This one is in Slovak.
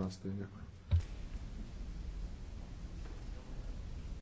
15. Ďakujem.